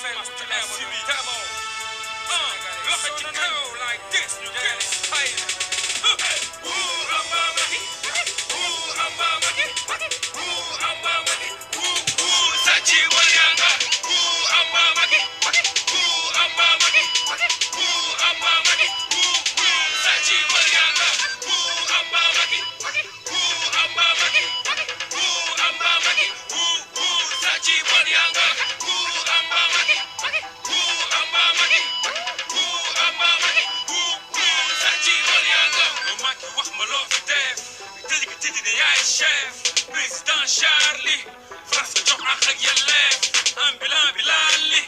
Marcel. Charlie France jox ak ak yelleef ambulant bi laal li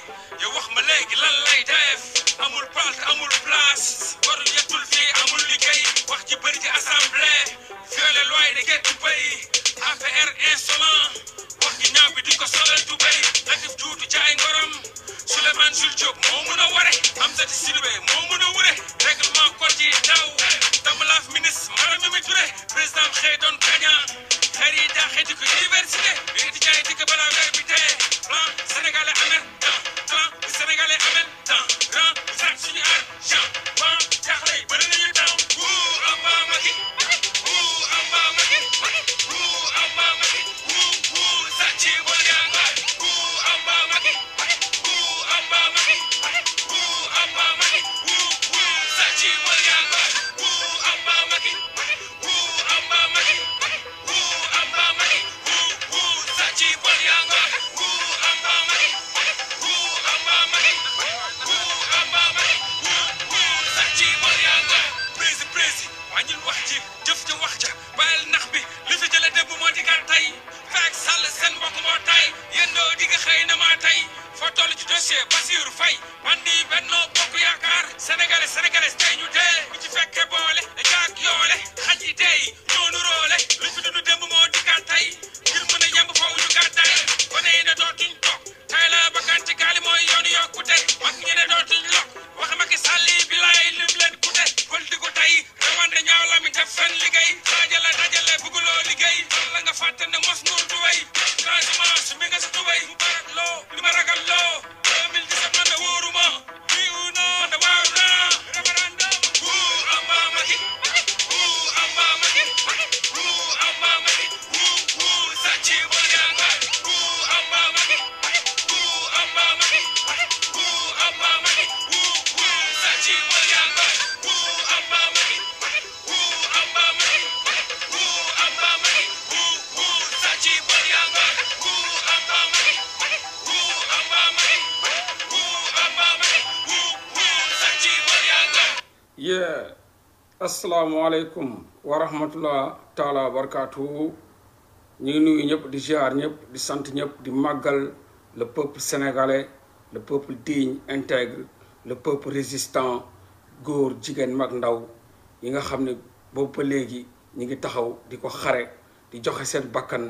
yow wax ma léegi lan lay def amul palte amul place warul yettul fii amul liggéey wax ji bëri ci assemblée violer loi de Guèye bay APR insolent wax ji ñaaw bi duñ ko solal tubéy Latif Doudou jaay ngorom Souleymane Jules Diop moo mun a ware Amsatou Sidibé education university xëy na maa tey fa toll ci dossier Bassirou Faye man di Benno Bokk Yaakaar sénégalais sénégalais Yeah. asalaamu aleykum wa rahmatullah taala wa ñu ngi nuyu ñëpp di ziar ñëpp di sant ñëpp di màggal le peuple sénégalais le peuple digne intègre le peuple résistant góor jigéen mag ndaw yi nga xam ne boobu léegi ñu ngi taxaw di ko xare di joxe seen bakkan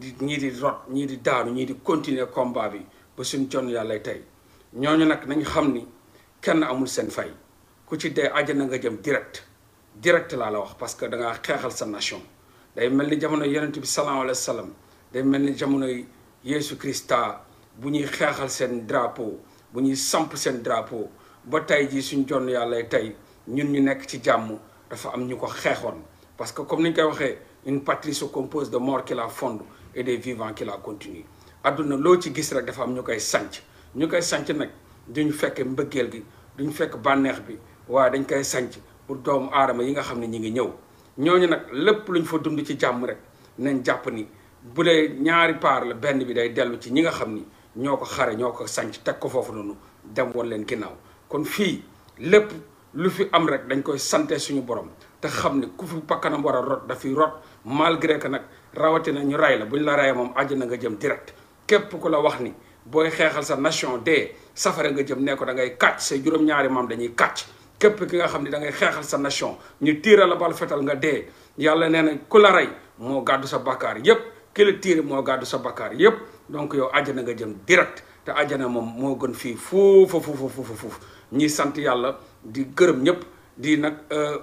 di ñii di rot ñii di daanu ñii di continuer combat bi ba suñ jon yàlla tey ñooñu nag nañ xam ni kenn amul seen fay ku ci dee àjjana nga jëm direct direct laa la wax parce que da ngaa xeexal sa nation day mel ni jamono yonent bi sallallahu alayhi wa day mel ni jamono Yeesu Krista bu ñuy xeexal seen drapeau bu ñuy samp seen drapeau ba tey jii suñ jonn yàlla tey ñun ñu nekk ci jàmm dafa am ñu ko xeexoon parce que comme ni ñu koy waxee une patrie se compose de morts qui la fondent et des vivants qui la continuent àdduna loo ci gis rek dafa am ñu koy sanc ñu koy sanc nag duñu fekk mbëggeel gi duñu fekk bànneex bi waaye dañ koy sanc pour doomu aadama yi nga xam ne ñi ngi ñëw ñooñu nag lépp luñ fa dund ci jàmm rek nañ jàpp ni bu dee ñaari paar la benn bi day dellu ci ñi nga xam ni ñoo ko xare ñoo ko sanc teg ko foofu noonu dem woon leen ginnaaw kon fii lépp lu fi am rek dañ koy sante suñu borom te xam ne ku fi bakkanam war a rot dafiy rot malgré que nag rawatina ñu ray la ñu la rayee moom àjj na nga jëm direct képp ko la wax ni booy xeexal sa nation de safara nga jëm ne ko da ngay kàcc say juróom-ñaari dañuy kàcc képp ki nga xam ne da ngay xeexal sa nation ñu tiiral la bal fetal nga dee yàlla nee na ku la rey moo gàddu sa bakkaar yépp ki la tiire moo gàddu sa bakkaar yépp donc yow àjjana nga jëm direct te àjjana moom moo gën fii foofu foofu foofu foofu sant yàlla di gërëm ñëpp di nag euh,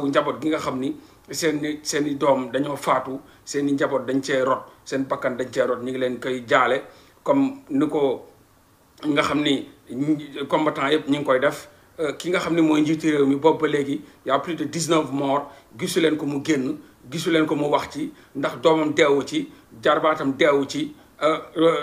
wu njaboot gi nga xam ni seen seeni doom dañoo faatu seeni njaboot dañ cee rot seen bakkan dañ cee rot ñu ngi leen koy jaale comme ni ko nga xam ni combattant yëpp ñu ngi koy def Euh, ki nga xam ne mooy njiitu réew mi boobu ba léegi y a plus de 19 morts gisu leen ko mu génn gisu leen ko mu wax ci ndax doomam deewu ci jarbaatam deewu ci euh,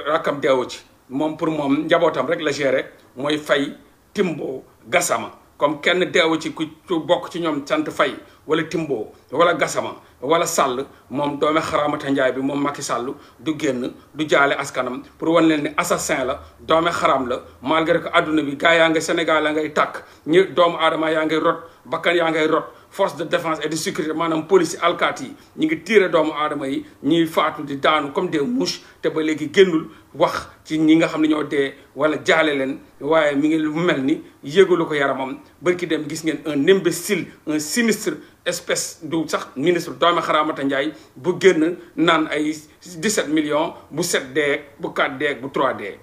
rakkam deewu ci moom pour moom njabootam rek la gérer mooy fay Timbo Gassama comme kenn deewu ci ku bokk ci ñoom sant fay wala timboo wala Gassama wala Sall moom doome xaraamata njaay bi moom Macky Sall du génn du jaale askanam pour wan leen ni assassin la doome xaram la malgré que àdduna bi gars yaa ngi Sénégal yaa ngay tàkk ñi doomu aadama yaa ngay rot bakkan yaa ngay rot force de défense et de sécurité maanaam police alkaati yi ñu ngi tiire doomu aadama yi ñuy faatu di daanu comme des mouches te ba léegi génnul wax ci ñi nga xam ne ñoo dee wala jaale leen waaye mi ngi mel ni yégalu ko yaramam ki dem gis ngeen un imbécile un sinistre espèce du sax ministre doomi xaraamata Ndiaye bu génn naan ay 17 millions bu 7 deeg bu 4 deeg bu 3 deeg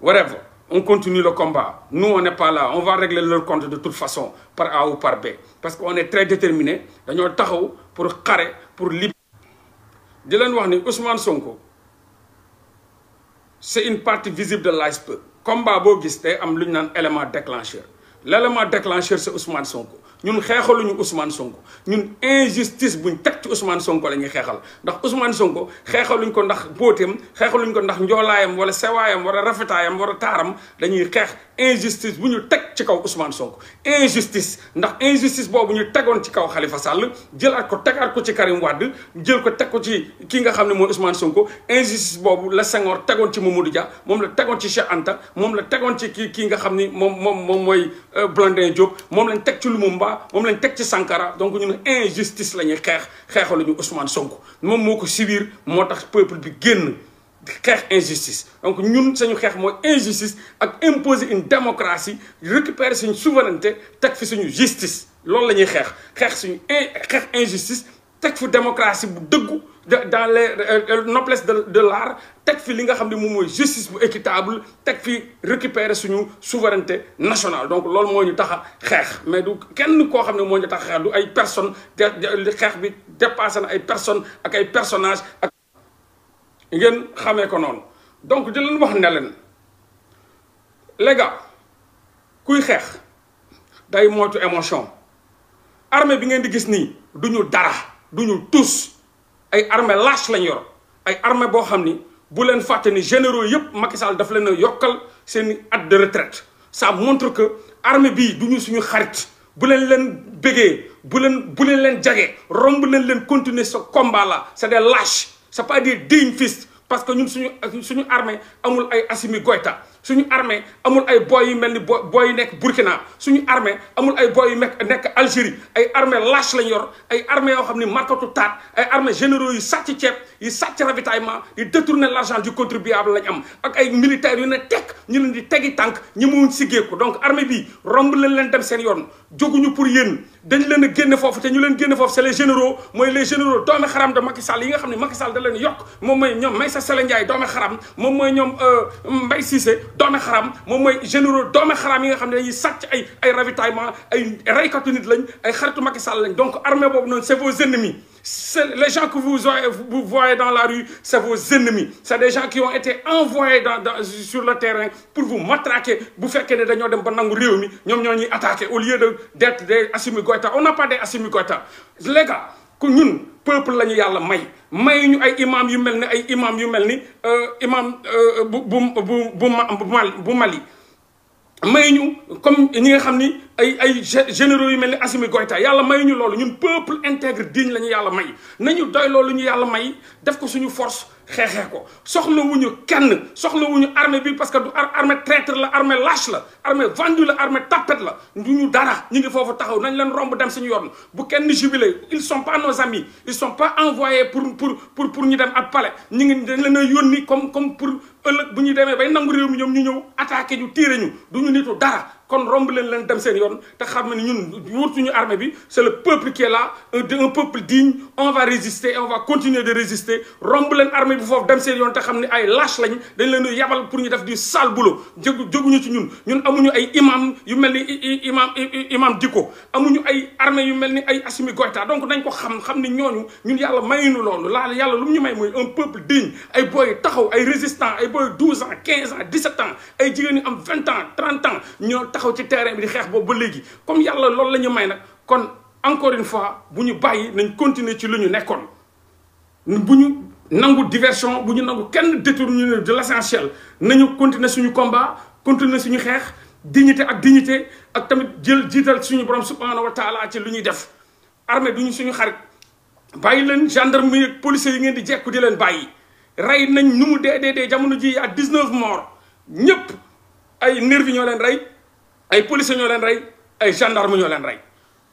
whatever on continue le combat. Nous, on n'est pas là. On va régler leur compte de toute façon, par A ou par B. Parce qu'on est très déterminés. Nous sommes pour carrer, pour libérer. Je vous Ousmane Sonko, c'est une partie visible de l'iceberg. Le combat, am voyez, ñu naan élément déclencheur. L'élément déclencheur, c'est Ousmane Sonko. ñun xeexaluñu Ousmane Sonko ñun injustice buñ teg ci Ousmane Sonko la ñuy xeexal ndax Ousmane Sonko xeexaluñ ko ndax bóoteem xeexaluñ ko ndax njoolaayam wala sewaayam wala rafetaayam wala taaram dañuy xeex injustice bu ñu teg ci kaw Ousmane Sonko injustice ndax injustice boobu ñu tegoon ci kaw Khalifa Sall jëlaat ko tegaat ko ci Karim Wade jël ko teg ko ci ki nga xam ne mooy Ousmane Sonko injustice boobu la Senghor tegoon ci Mamadou Dia moom la tegoon ci Cheikh Anta moom la tegoon ci ki ki nga xam ni moom moom moom mooy euh, Blondin Diop moom lañ teg ci Lumumba loi moom lañ teg ci Sankara donc ñun injustice la ñuy xeex xeexaluñu Ousmane Sonko moom moo ko subir moo tax peuple bi génn xeex injustice donc ñun sañu xeex mooy injustice ak imposer une démocratie récupérer suñu souveraineté teg fi suñu justice loolu la ñuy xeex xeex suñu xeex injustice teg fu démocratie bu dëggu dans les euh, euh, noblesse de de l'art teg fi li nga xam ne moom mooy justice bu équitable teg fi récupérer suñu souveraineté nationale donc loolu moo ñu tax a xeex mais du kenn koo xam ne mooy ñu tax a xeex du ay personne de xeex bi dépassé na ay personne ak ay personnage ak ngeen xamee ko noonu donc di leen wax ne leen les kuy xeex day moytu émotion armée bi ngeen di gis nii duñu dara du ñu tous ay armée lâche lañ yor ay armée boo xam ni bu leen fàtte ni généraux yëpp Macky Sall daf leen a yokkal seen at de retraite ça montre que armée bii du ñu suñu xarit bu leen leen bëggee bu leen bu leen leen jagee romb leen leen continuer sa combat là c'est des lâches c'est pas des dignes fils parce que ñun suñu suñu armée amul ay Assimi Goïta suñu armee amul ay boy yu mel ni boy yu nekk Burkina suñu armee amul ay boy yu nekk Algérie ay armee lâche lañ yor ay armée yoo xam ni markatu taat ay armée généro yu sàcc ceeb yu sàcc ravitaillement yu détourner l'argent du contribuable lañ am ak ay militaires yu ne tekk ñu leen di tegi tànk ñi mun siggeeku donc armée bi romb leen leen dem seen yoon jóguñu pour yéen dañ leen a génne foofu te ñu leen génne foofu c'est les généraux mooy les généraux doomi xaram de xam ne Macky Sall da leen yokk moom mooy ñoom Maysa Sele Ndiaye doomi xaram moom mooy ñoom euh, Mbaye Cissé doome xaram moom mooy généraux doome xaram yi nga xam ne dañuy sàcc ay ravitaillement ay reykatu nit lañ ay xaritu Macky Sall lañ donc armée boobu noonu c' est vos ennemis c'est les gens la rue c' est vos ennemis c' est des gens qui ont été envoyés dans sur le terrain pour vous matraquer bu fekkee ne dañoo dem ba nangu réew mi ñoom ñoo ñuy attaqué au lieu de d' être des Assimi Goïta on n'a pas des Assimi Goïta les ku ñun peuple la ñu yàlla may may ñu ay imam yu mel ni ay imam yu mel ni euh, imam euh, bu bu bu bu Mali may ñu comme ñi nga xam ni ay ay généraux yu mel ni Assimi Goïta yàlla may ñu loolu ñun peuple intègre digne lañu ñu yàlla may nañu doy loolu ñu yàlla may def ko suñu force xeexee ko soxlawuñu kenn soxla wuñu armée bi parce que du armée traitre la armée lâche la armée vendue la armee tapette la du ñu dara ñu ngi foofu taxaw nañ leen romb dem suñu yoon bu kenn jubilé ils sont pas nos amis ils sont pas envoyés pour pour pour pour ñu dem ak palais ñu ngi dañ leen a yónni comme comme pour ëllëg bu ñu demee bay nangu réew mi ñoom ñu ñëw attaqué ñu tiire ñu du ñu nitu dara kon romb leen leen dem seen yoon te xam ne ñun wurtuñu armée bi c'est le peuple qui est là un peuple digne on va résister et continuer de résister romb leen armée bi foofu dem seen yoon te xam ne ay lâche lañ dañ leen di yabal pour ñu def du sale boulot jógu jóguñu ci ñun ñun amuñu ay imam yu mel ni imam imam Dicko amuñu ay armée yu mel ni ay Assimi Goïta donc nañ ko xam xam ni ñooñu ñun yàlla may nu loolu laa yàlla lu mu ñu may mooy un peuple digne ay booy ay résistant ay booy 12 ans 15 ans 17 ans ay jigéen ñu am 20 ans taxaw ci terrain bi xeex boobu ba léegi comme yàlla loolu la ñu may nag kon encore une fois bu ñu bàyyi nañ continuer ci lu ñu nekkoon bu ñu nangu diversion bu ñu nangu kenn détourné de l'essentiel nañu continuer suñu combat continuer suñu xeex dignité ak dignité ak tamit jël jiital suñu borom subhanahu wa taala ci lu ñuy def du ñu suñu xarit bàyyi leen gendarmerie ak policiers yi ngeen di jekku di leen bàyyi rey nañ nu mu dee dee dee jamono ji ak 19 morts ñëpp ay nervi ñoo leen rey ay policiers ñoo leen rey ay gendarme ñoo leen rey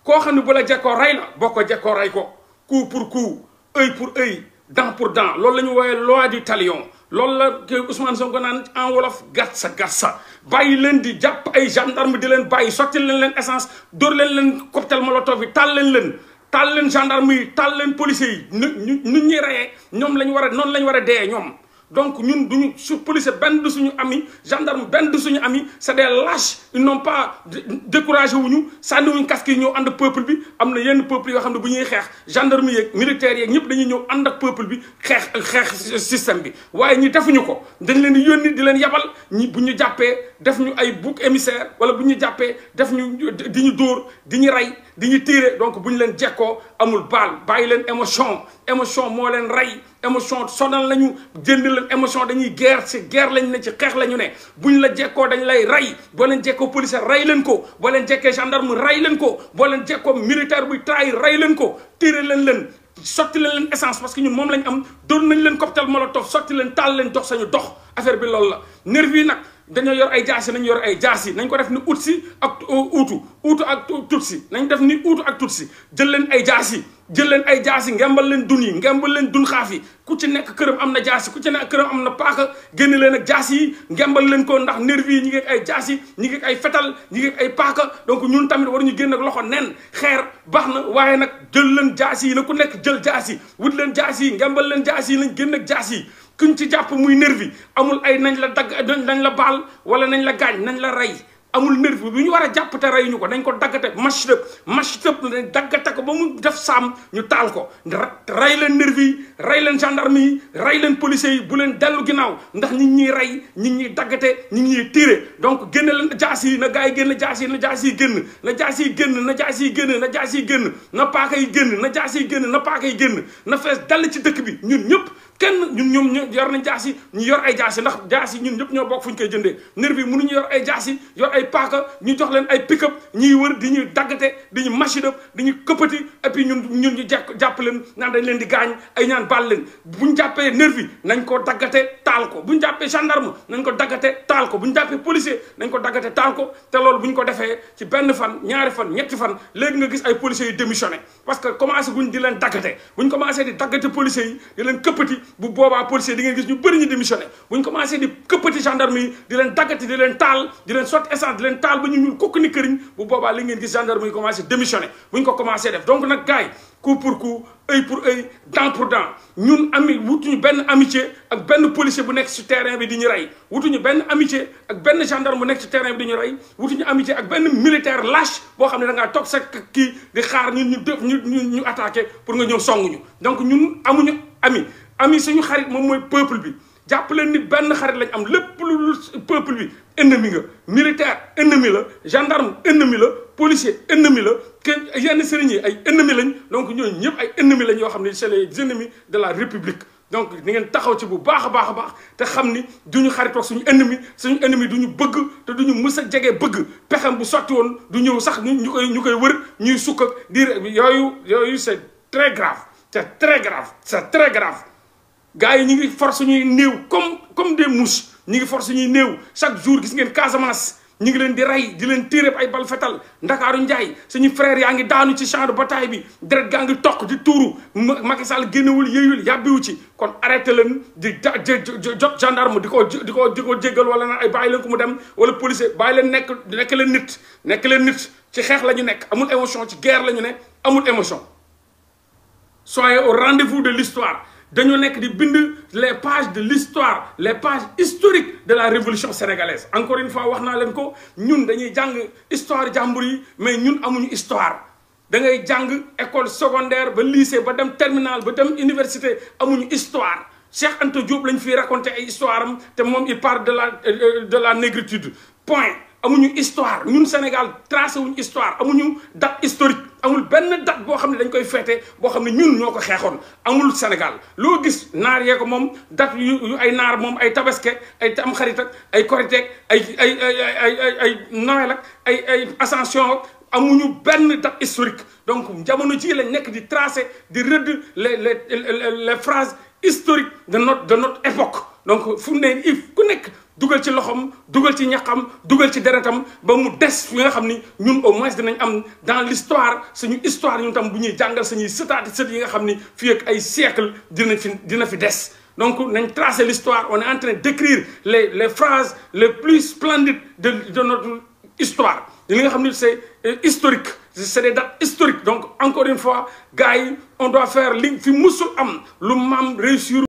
koo xam ne bu la jekkoo rey la boo ko jekkoo rey ko coup pour coup œil pour œil dent pour dent loolu la ñu woowee loi du talion loolu la Ousmane Sonko naan en wolof gatsa gatsa bàyyi leen di jàpp ay gendarme di leen bàyyi sotti leen leen essence dóor leen leen cocktail molotov yi taal leen leen taal leen gendarme yi taal leen policiers yi nu ñu ñuy reyee ñoom la ñu war a noonu la ñu war a dee ñoom donc ñun du ñu su police benn du suñu ami gendarme benn du suñu ami c'est des lâches ils n'ont pas découragé wuñu sànniwuñu casque yi ñëw ànd ak peuple bi am na yenn peuple yoo xam ne bu ñuy xeex gendarme yeeg militaires yeeg ñëpp dañu ñëw ànd ak peuple bi xeex xeex système bi waaye ñi defuñu ko dañ leen di yónni di leen yabal ñi bu ñu jàppee def ñu ay bouc émissaire wala bu ñu jàppee def ñu di ñu dóor di ñu rey di ñu tiire donc bu ñu leen jekkoo amul baal bàyyi leen émotion émotion moo leen rey émotion sonal lañu jënd leen émotion dañuy ger ci guerre lañ ne ci xeex la ñu ne buñ la jekkoo dañ lay rey boo leen jekkoo police rey leen ko boo leen jekkee gendarme rey leen ko boo leen jekkoo militaire buy trahir rey leen ko tiré leen leen sotti leen leen essence parce que ñun moom lañ am doon nañ leen cocktail molotov sotti leen taal leen dox sañu dox affaire bi loolu la nervi nag dañoo yor ay jaasi nañ yor ay jaasi nañ ko def ni ut si ak euh, uutu uutu ak tut si nañ def ni uutu ak tut si jël leen ay jaasi jël leen ay jaasi ngembal leen dun yi ngembal leen dun xaaf yi ku ci nekk këram am na jaasi ku ci nekk këram am na paaka génne leen ak jaasi yi ngembal leen ko ndax nervi yi ñi ngi ay jaasi ñi ngi ay fetal ñi ngi ay paaka donc ñun tamit war ñu génn ak loxo nen xeer baax na waaye nag jël leen jaasi yi na ku nekk jël jaasi wut leen jaasi yi ngembal leen jaasi yi nañ génn ak jaasi yi kuñ ci jàpp muy nervi amul ay nañ la dagg nañ la baal wala nañ la gaañ nañ la rey amul nervi bu ñu war a jàpp te rey ñu ko dañ ko daggate match tëb match tëb dañ daggate ko ba mu def saam ñu taal ko rey leen nervi yi rey leen gendarme yi rey leen policiers yi bu leen dellu ginnaaw ndax ñi ñuy rey ñi ñuy daggate ñi ñuy tiire donc génne leen jaas yi na gars yi génn jaas yi na jaas yi génn na jaas yi génn na jaas yi génn na jaas yi génn na paaka yi génn na jaas yi génn na paaka yi génn na fees dal ci dëkk bi ñun ñëpp kenn ñun ñoom ñu yor nañ jaas yi ñu yor ay jaas yi ndax jaas yi ñun ñëpp ñoo bokk fu ñu koy jëndee nervi yi ñu yor ay jaas yi yor ay paaka ñu jox leen ay pick-up wër di ñuy di ñu machine up ñu këppati et puis ñun ñun ñu jekk jàpp leen naan dañ leen di gaañ ay ñaan bu ñu jàppee nervi nañ ko daggate taal ko bu ñu jàppee gendarme nañ ko daggate taal bu ñu jàppee policier nañ ko daggate taal ko te loolu bu ñu ko defee ci benn fan ñaari fan ñetti fan léegi nga gis ay policiers yu démissionné parce que commencé guñ di leen daggate buñ commencé di daggate policiers yi di leen këppati bu boobaa policier di ngeen gis ñu bëri ñu démissionné bu ñu commencé di këppati gendarme yi di leen daggati di leen taal di leen sotti essence di leen taal ba ñu ñuul kukk ni këriñ bu boobaa li ngeen gis gendarme yi commencé démissionné bu ñu ko commencé def donc nag gars yi pour coup œil pour œil dent pour dent ñun ami wutuñu benn amitié ak benn policier bu nekk ci terrain bi di ñu rey wutuñu benn amitié ak benn gendarme bu nekk ci terrain bi di rey wutuñu amitié ak benn militaire lâche boo xam ne da ngaa toog sa ki di xaar ñun ñu ñu ñu attaqué pour nga ñëw song ñu donc ñun amuñu ami ami suñu xarit moom mooy peuple bi jàpp leen ni benn xarit lañ am lépp lu peuple bi ennemi nga militaire ennemi la gendarme ennemi la policier ennemi la que yenn sëriñ yi ay ennemi lañ donc ñooñu ñëpp ay ennemi lañ yoo xam ne c'est les ennemis de la république donc ni ngeen taxaw ci bu baax a baax a baax te xam ni duñu xaritoog suñu ennemi suñu du ñu bëgg te duñu mës a jege bëgg pexem bu sotti woon du ñëw sax ñu koy ñu koy wër ñuy sukk ak diir yooyu yooyu c'est très grave c'est très grave c'est très grave gars yi ñu ngi force ñuy néew comme comme muus mouches ñu ngi force ñuy néew chaque jour gis ngeen Casamance ñu ngi leen di rey di leen téeréb ay bal fetal ndakaaru njaay suñu frère yaa ngi daanu ci champ de bataille bi deret gaa ngi toq di tuuru Macky Sall génnewul yéeyul yàbbiwu ci kon arrêté leen di jot gendarme di ko di ko di ko wala na ay bàyyi leen ko mu dem wala policier bàyyi leen nekk nekk leen nit nekk leen nit ci xeex la ñu nekk amul émotion ci guerre la ñu ne amul émotion soyez au rendez-vous de dañu nekk di bind les pages de l'histoire les pages historiques de la révolution sénégalaise encore une fois wax naa leen ko ñun dañuy jàng histoire jàmbur yi mais ñun amuñu histoire da ngay jàng école secondaire ba lycée ba dem terminale ba dem université amuñu histoire Cheikh Anta Diop lañ fiy raconté ay histoire am te moom il parle de la euh, euh, de la négritude point amuñu histoire ñun Sénégal tracé wuñu histoire amuñu date historique amul benn date boo xam ne dañ koy feete boo xam ne ñun ñoo ko xeexoon amul Sénégal loo gis naar yeeko moom dat yu ay naar moom ay tabaske ay tam ay koriteek ay ay ay ay ay Noël ay ay ascension amuñu benn date historique donc jamono jii lañ nekk di tracer di rëdd le les les phrases historiques de not de notre époque donc fu mu ne if ku nekk dugal ci loxoom dugal ci ñaqam dugal ci deretam ba mu des fi nga xam ni ñun au moins dinañ am dans l'histoire suñu histoire ñun tam bu ñuy jàngal suñuy sëtaati sët yi nga xam ni fii ak ay siècle dina fi dina fi des donc nañ tracer l'histoire on est en train d'écrire les les phrases les plus splendides de de notre histoire li nga xam ni c'est euh, historique c'est des dates historiques donc encore une fois gars yi on doit faire fi musul am lu maam réussir